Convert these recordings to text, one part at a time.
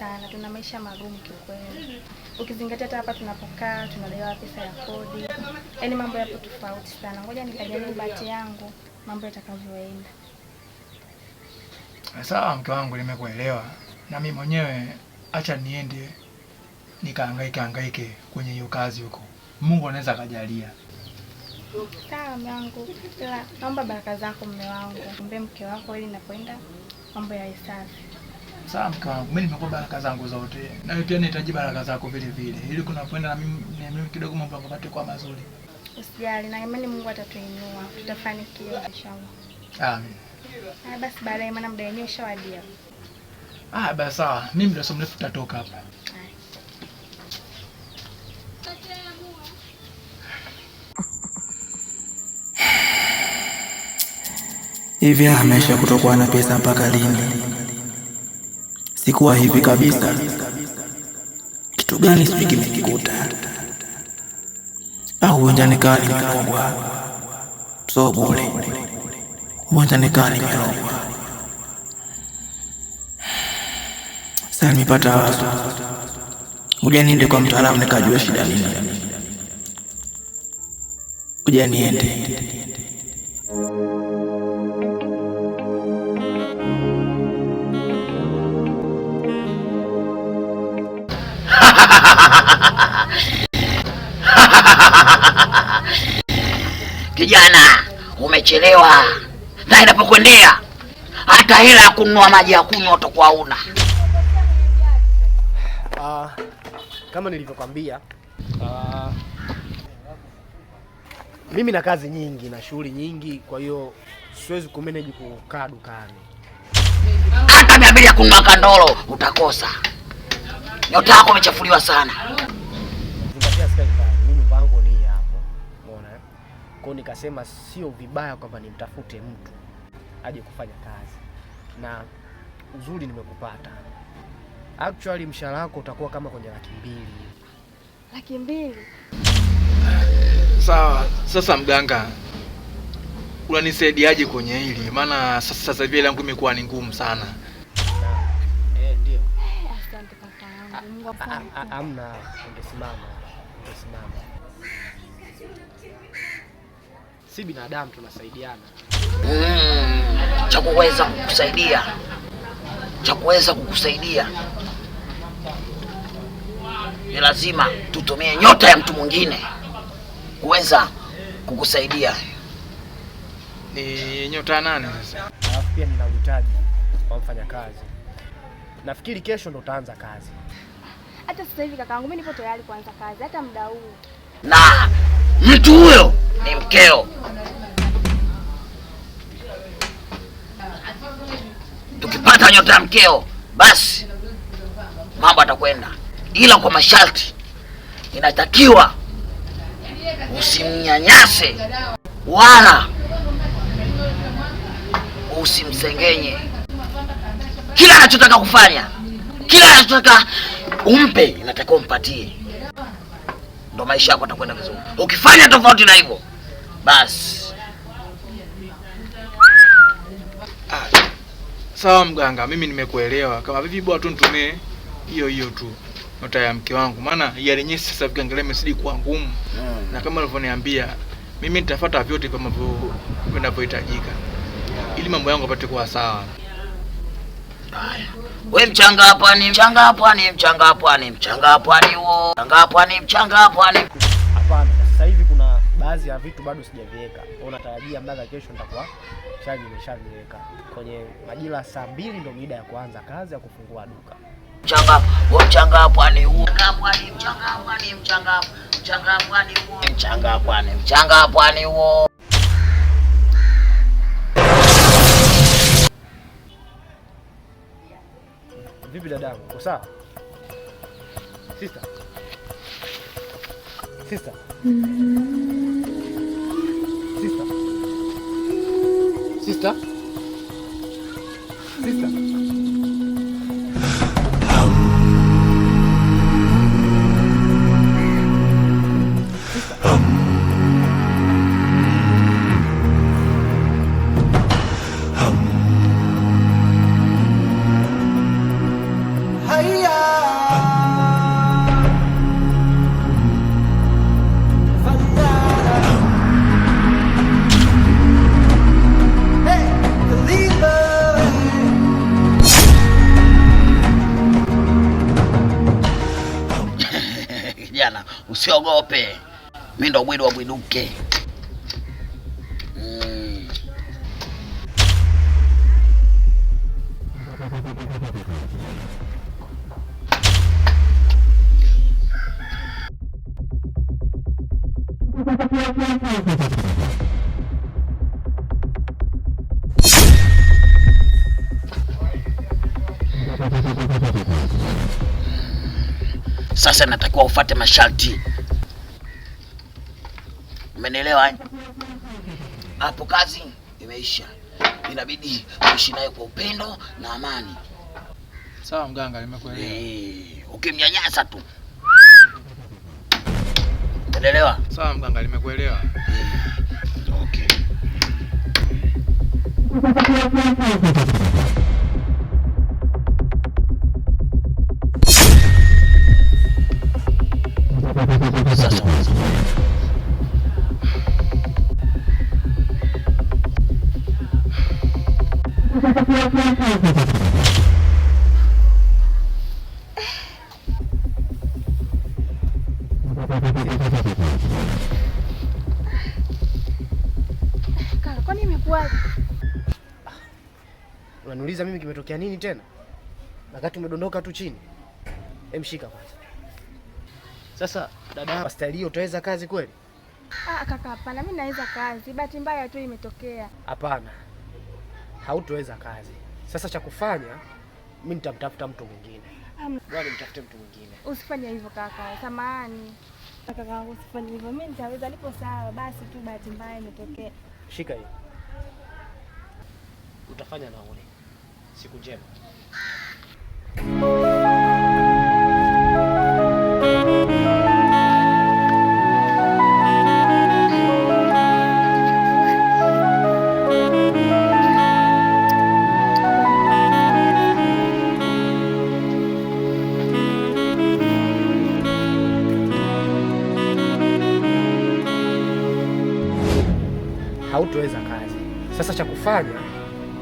sana, tuna maisha magumu kiukweli, ukizingatia hata hapa tunapokaa tunadaiwa pesa ya kodi, yaani mambo yapo tofauti sana. Ngoja nikajaribu bahati yangu mambo yatakavyoenda. Sawa mke wangu, nimekuelewa na mimi mwenyewe, acha niende nikahangaike angaike kwenye hiyo kazi huko, Mungu anaweza akajalia. Sawa mume wangu, ila naomba baraka zako mume wangu, ombee mke wako ili napoenda mambo yawe safi. Sawa mke wangu, mimi nimekuwa baraka zangu zote, na wewe pia nahitaji baraka zako vile vile, ili kuna kwenda na mimi na mimi kidogo mambo yapate kwa mazuri. Usijali, na imani Mungu atatuinua, tutafanikiwa inshallah. Amen. Ah, basi baadaye, maana muda wenyewe ushawadia. Ah, basi sawa, mimi ndio somrefu tutatoka hapa. Hivi amesha kutokuwa na pesa mpaka lini? Sikuwa hivi kabisa. Kitu gani sijui kimenikuta, au ah, huenda nikaa nimerogwa. So bure, huenda nikaa nimerogwa. Sasa nimepata wazo, ngoja niende kwa mtaalamu nikajua shida nini. Ngoja niende. Kijana, umechelewa na inapokwendea hata hela ya kununua maji ya kunywa utakuwa una Uh, ah, kama nilivyokwambia uh, mimi na kazi nyingi na shughuli nyingi, kwa hiyo siwezi kumeneji kukaa dukani. Hata mia mbili ya kununua kandoro utakosa nyota yako imechafuliwa sana. Kwa eh? nikasema sio vibaya kwamba nimtafute mtu aje kufanya kazi, na uzuri nimekupata. Actually mshahara wako utakuwa kama kwenye laki mbili. Laki mbili? Sawa. Sasa mganga, unanisaidiaje kwenye hili? Maana sasa hivi langu imekuwa ni ngumu sana. Amna, ungesimama ungesimama. Si binadamu tunasaidiana, mm, cha kuweza kukusaidia cha kuweza kukusaidia ni lazima tutumie nyota ya mtu mwingine kuweza kukusaidia. Ni nyota nane sasa. Alafu pia nina uhitaji wa mfanyakazi, nafikiri kesho ndo utaanza kazi. Hata sasa hivi kakaangu, mimi nipo tayari kuanza kazi hata muda huu, na mtu huyo ni mkeo. Tukipata nyota ya mkeo, basi mambo atakwenda, ila kwa masharti inatakiwa usimnyanyase wala usimsengenye. Kila anachotaka kufanya, kila anachotaka umpe, inatakiwa umpatie, ndo maisha yako atakwenda vizuri. Ukifanya tofauti na hivyo basi ah. Sawa mganga, mimi nimekuelewa. Kama vipi bwana, tu nitumie hiyo hiyo tu nota ya mke wangu, maana yale nyesi sasa vigangalia imezidi kuwa ngumu hmm. na kama alivyoniambia mimi nitafuata vyote kama vinavyohitajika ili mambo yangu apate kuwa sawa. We mchanga hapa mchanga hapa mchanga hapa mchanga hapa ni Mchanga hapa mchanga hapa ni. Hapana, sasa hivi kuna baadhi ya vitu bado sijaviweka. Au natarajia mpaka kesho nitakuwa chaji nimeshaviweka. Kwenye majira saa mbili ndio mida ya kuanza kazi ya kufungua duka. Mchanga hapa, mchanga hapa ni huo. Mchanga hapa mchanga hapa mchanga hapa. Mchanga hapa huo. Mchanga hapa mchanga hapa ni huo. Vipi dadangu, uko sawa? Sister. Sister. Mm-hmm. Sister. Sister. usiogope, mi ndo Bwidu wa Bwiduke. Sasa natakiwa ufate masharti, umenielewa? Eh? Hapo kazi imeisha, inabidi uishi naye kwa upendo na amani. Sawa mganga, nimekuelewa. Eh, ukimnyanyasa tu Unaelewa? Sawa mganga, nimekuelewa. Eh, okay. Unaniuliza mimi kimetokea nini tena? Wakati umedondoka tu chini. Emshika kwanza. Sasa dada, hapa staili utaweza kazi kweli? Ah, kaka hapana, mimi naweza kazi. Bahati mbaya tu imetokea. Hapana. Hautoweza kazi. Sasa cha kufanya mimi nitamtafuta mtu mwingine. Bwana, mtafute mtu mwingine. Usifanye hivyo kaka, samahani kaka, usifanye hivyo. Mimi nitaweza, lipo sawa. Basi tu bahati mbaya imetokea. Shika hiyo. utafanya nauli. Siku njema. kufanya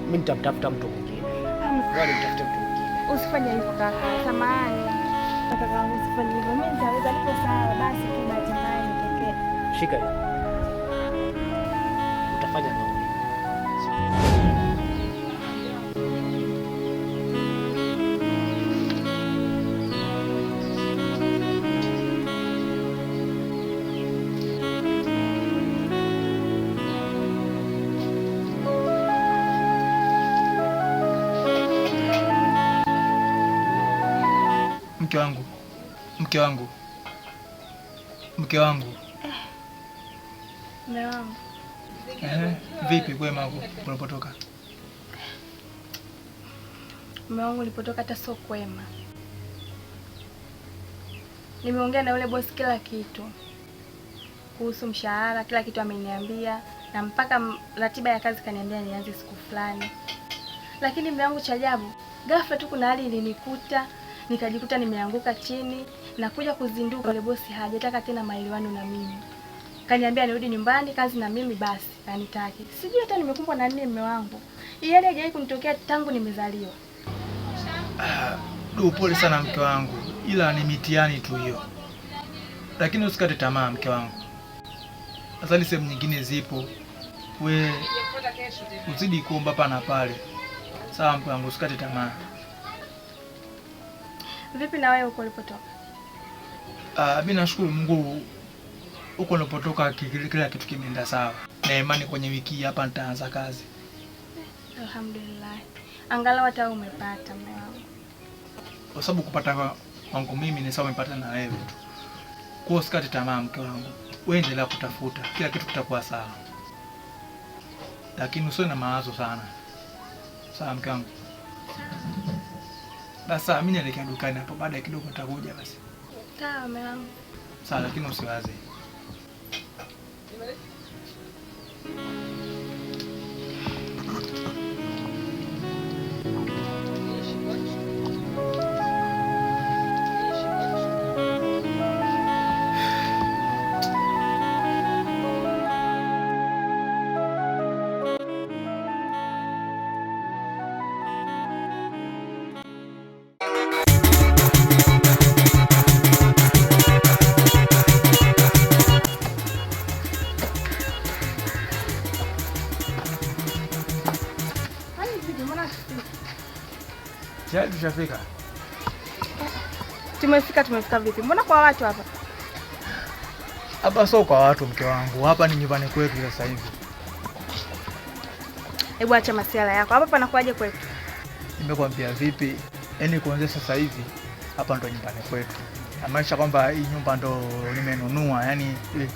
mimi nitamtafuta mtu mwingine. Wale nitafuta mtu mwingine. Usifanye hivyo kaka. Samahani. Kaka, usifanye hivyo. Mimi nitaweza, nipo sawa. Basi tu bahati mbaya nitokee. Shika hiyo. wangu, mke wangu, mke wangu. Mume wangu. Eh, vipi kwema huko unapotoka? Mume wangu ulipotoka hata sio kwema. Nimeongea na yule bosi kila kitu kuhusu mshahara, kila kitu ameniambia, na mpaka ratiba ya kazi kaniambia nianze siku fulani, lakini mume wangu, cha ajabu, ghafla tu kuna hali ilinikuta nikajikuta nimeanguka chini na kuja kuzinduka. Yule bosi hajataka tena maelewano na mimi, kaniambia nirudi nyumbani, kazi na mimi basi anitaki. Sijui hata nimekumbwa na nini, mume wangu, yaani ajai kunitokea tangu nimezaliwa. Du, pole sana mke wangu, ila ni mitihani tu hiyo, lakini usikate tamaa mke wangu, asali sehemu nyingine zipo, we uzidi kuomba pana pale. Sawa mke wangu, usikate tamaa. Vipi na wewe huko ulipotoka? Uh, ah, mi nashukuru Mungu huko ulipotoka kila kitu kimeenda sawa, na imani kwenye wiki hii hapa nitaanza kazi. Alhamdulillah, angalau hata umepata mume wangu, kwa sababu kupata wangu mimi ni sawa umepata na wewe tu. Kwa hiyo usikate tamaa, mke wangu, wewe endelea kutafuta, kila kitu kitakuwa sawa, lakini usiwe na mawazo sana. Sawa mke wangu. Na saa mimi naelekea dukani hapo, baada ya kidogo nitakuja basi. Sawa mama. Sawa, lakini usiwaze. Tayari tushafika. Tumefika, tumefika vipi? Mbona kwa watu hapa? Hapa sio kwa watu, mke wangu, hapa ni nyumbani kwetu sasa hivi. Hebu acha masuala yako, hapa panakuaje kwetu? Nimekwambia vipi? Yaani kuanzia sasa hivi hapa ndo nyumbani kwetu, namaanisha kwamba hii nyumba ndo nimenunua, yaani eh,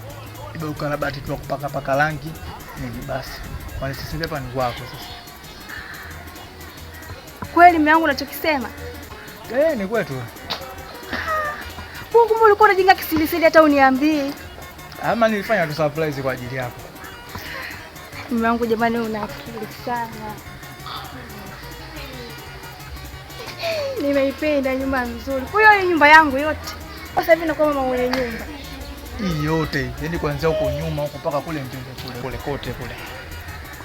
imekarabatiwa kupaka paka rangi nini, basi kwanza sasa hapa ni kwako sasa kweli mume wangu unachokisema? Eh, ni kwetu. Mungu, mbona ulikuwa unajinga kisilisili hata uniambie? Ama nilifanya tu surprise kwa ajili yako. Mume wangu jamani, una akili sana. Nimeipenda nyumba nzuri. Kwa hiyo nyumba yangu yote. Sasa hivi nakuwa mama mwenye nyumba. Hii yote, yaani kuanzia huko nyuma huko mpaka kule mjengo kule. Kule kote kule.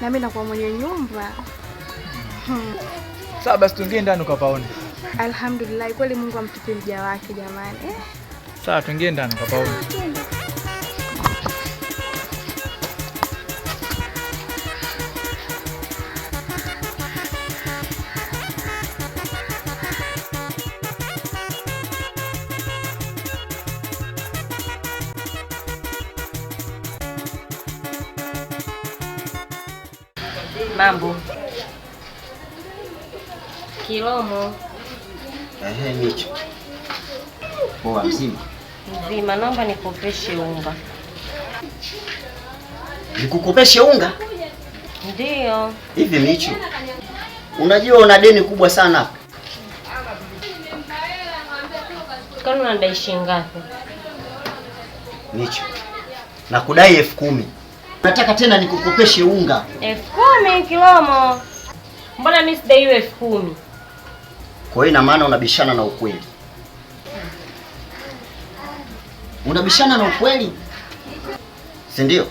Na mimi nakuwa mwenye nyumba. Mm. Hmm. Sawa basi tuingie ndani ukapaone. Alhamdulillah, kweli Mungu amtupe mja wake jamani. Sawa, tuingie ndani ukapaone. Kilomo. Ehe, hicho poa. Mzima mzima, naomba nikopeshe unga. Nikukopeshe unga? Ndiyo. Hivi Michu, unajua una deni kubwa sana hapa. Kwani unadai shilingi ngapi? Michu, nakudai elfu kumi. Nataka tena nikukopeshe unga. elfu kumi Kilomo? Mbona mimi sidai elfu kumi? Kwa hiyo ina maana unabishana na ukweli, unabishana na ukweli, si ndio?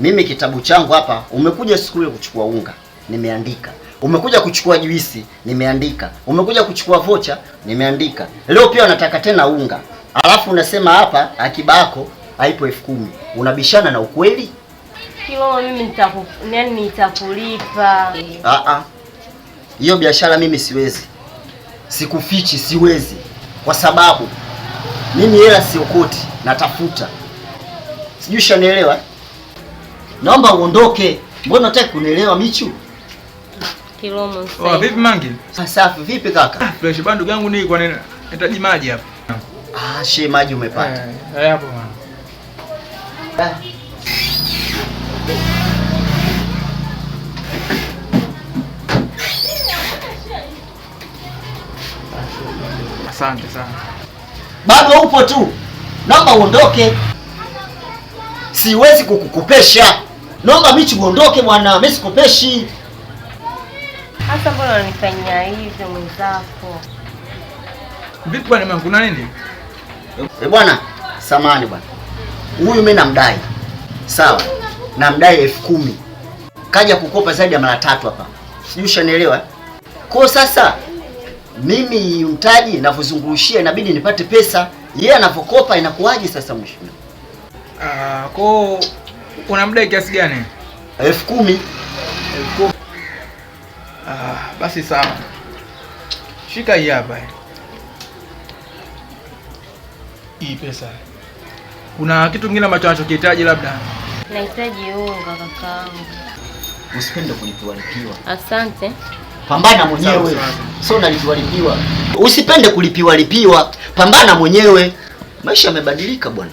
Mimi kitabu changu hapa, umekuja siku ile kuchukua unga, nimeandika. Umekuja kuchukua juisi, nimeandika. Umekuja kuchukua vocha, nimeandika. Leo pia unataka tena unga, alafu unasema hapa akiba yako haipo elfu kumi. Unabishana na ukweli? Kilo mimi nitakulipa. Ah ah hiyo biashara mimi siwezi, sikufichi, siwezi kwa sababu mimi hela siokoti, natafuta. Sijui shanielewa. Naomba uondoke, mbona unataka kunielewa Michu? Kilomo. Oh, vipi mangi? Ah, safi, vipi kaka? Ah, fresh bandu gangu ni kwa nini nahitaji maji hapa? Ah, she maji umepata. Eh, eh hapo bwana. Eh. Asante sana. Bado upo tu, naomba uondoke, siwezi kukukopesha. Naomba Michi uondoke bwana, mimi sikopeshi. Hasa mbona unanifanyia hivyo mwenzako? Vipi bwana mwangu, na nini? Eh bwana, samani bwana, huyu mimi namdai, sawa, namdai elfu kumi kaja kukopa zaidi ya mara tatu hapa, sijui ushanielewa. Kwa sasa mimi mtaji navyozungushia inabidi nipate pesa, yeye anavyokopa inakuwaje sasa mheshimiwa? Uh, ah, ko una muda kiasi gani? elfu kumi. Uh, basi sawa, shika hii hapa, hii pesa. Kuna kitu kingine ambacho anachokihitaji? Labda nahitaji unga. Kakaangu, usipende kunipiwa nipiwa. Asante pambana mwenyewe, sio nalipiwa lipiwa. Usipende kulipiwa lipiwa, pambana mwenyewe. Maisha yamebadilika bwana.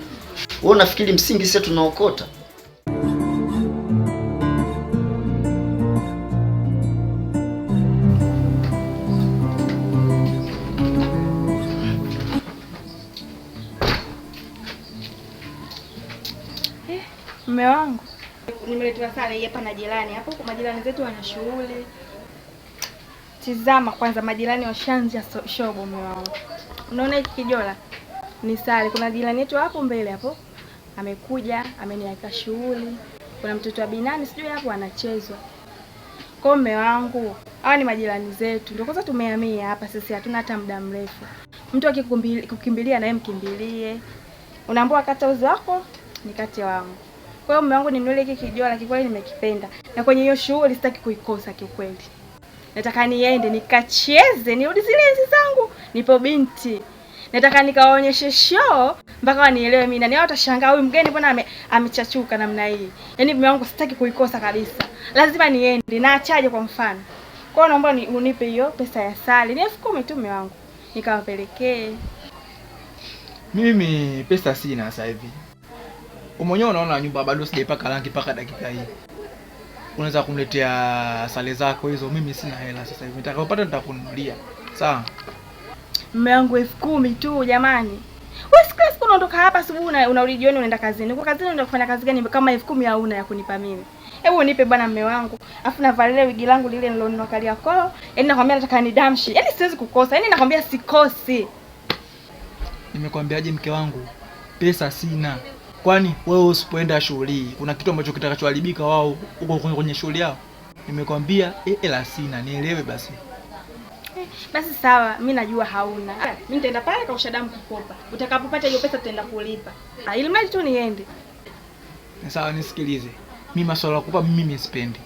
Wewe unafikiri msingi sisi tunaokota? Eh, Mme wangu nimeletewa sare hapa na jirani hapo, kwa majirani zetu wana shughuli Tizama kwanza majirani washanja so, shobo mume wangu. Unaona hiki kijola? Ni sare. Kuna jirani yetu hapo mbele hapo. Amekuja, ameniaika shughuli. Kuna mtoto wa Binani sijui hapo anachezwa. Kwa mume wangu, hawa ni majirani zetu. Ndio kwanza tumehamia hapa sisi, hatuna hata muda mrefu. Mtu akikukimbilia na yeye mkimbilie. Unaambiwa kata uzi wako ni kati wangu. Kwa hiyo mume wangu, ni ninunulie hiki kijola, kikweli nimekipenda. Na kwenye hiyo shughuli sitaki kuikosa kikweli nataka niende nikacheze, nirudi zile enzi zangu nipo binti, nataka nikawaonyeshe show mpaka wanielewe mimi, na nao watashangaa, huyu mgeni mbona amechachuka namna hii? Yaani mume wangu sitaki kuikosa kabisa, lazima niende. Naachaje kwa mfano? Kwa hiyo naomba unipe hiyo pesa ya sali, ni elfu kumi tu mume wangu, nikawapelekee. Mimi pesa sina sasa hivi, umeonyewa, unaona nyumba bado sijaipaka rangi mpaka dakika hii unaweza kumletea sale zako hizo. Mimi sina hela sasa hivi, nitakapopata nitakununulia. Sawa mume wangu, elfu kumi tu jamani. Wewe siku siku unaondoka hapa asubuhi unarudi jioni unaenda kazini. Kwa kazini unaenda kufanya kazi gani kama elfu kumi hauna ya kunipa mimi? Hebu nipe bwana mume wangu. Alafu navalile wigi langu lile nilonunua kalia kwao. Yaani nakwambia nataka nidamshi, Yaani siwezi kukosa. Yaani nakwambia sikosi. Nimekwambiaje mke wangu? Pesa sina. Kwani wewe usipoenda shughuli kuna kitu ambacho kitakachoharibika wao huko kwenye shughuli yao? Nimekwambia hela eh, eh, sina, nielewe basi. Eh, basi sawa, mi najua hauna. Mi nitaenda pale kausha damu kukopa, utakapopata hiyo pesa tutaenda kulipa, ah, ili mali tu niende. Sawa, nisikilize mi, maswala ya kukopa mimi sipendi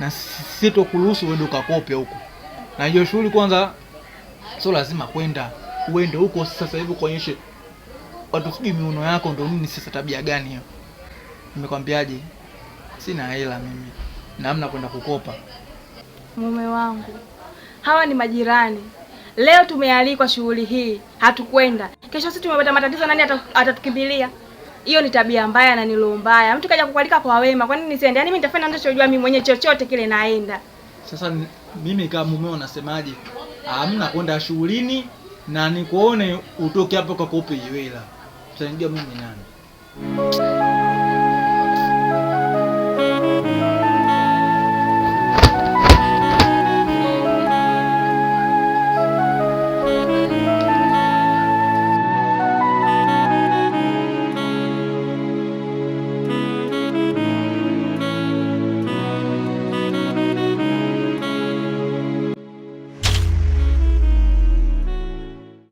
na sitokuruhusu uende ukakope huko, na hiyo shughuli kwanza sio lazima kwenda uende huko sasa hivi kuonyeshe watu sijui miuno yako ndo nini sasa, tabia gani hiyo? Nimekwambiaje, sina hela mimi na hamna kwenda kukopa. Mume wangu, hawa ni majirani. Leo tumealikwa shughuli hii, hatukwenda. Kesho sisi tumepata matatizo, nani atatukimbilia? Hiyo ni tabia mbaya na ni roho mbaya. Mtu kaja kukualika kwa wema, kwa nini nisiende? Yaani mimi nitafanya ninachojua mimi mwenyewe, chochote kile naenda. Sasa mimi kama mumeo unasemaje? Hamna kwenda shughulini na nikuone utoke hapo kwa kope hiyo hela tunajua mimi ni nani.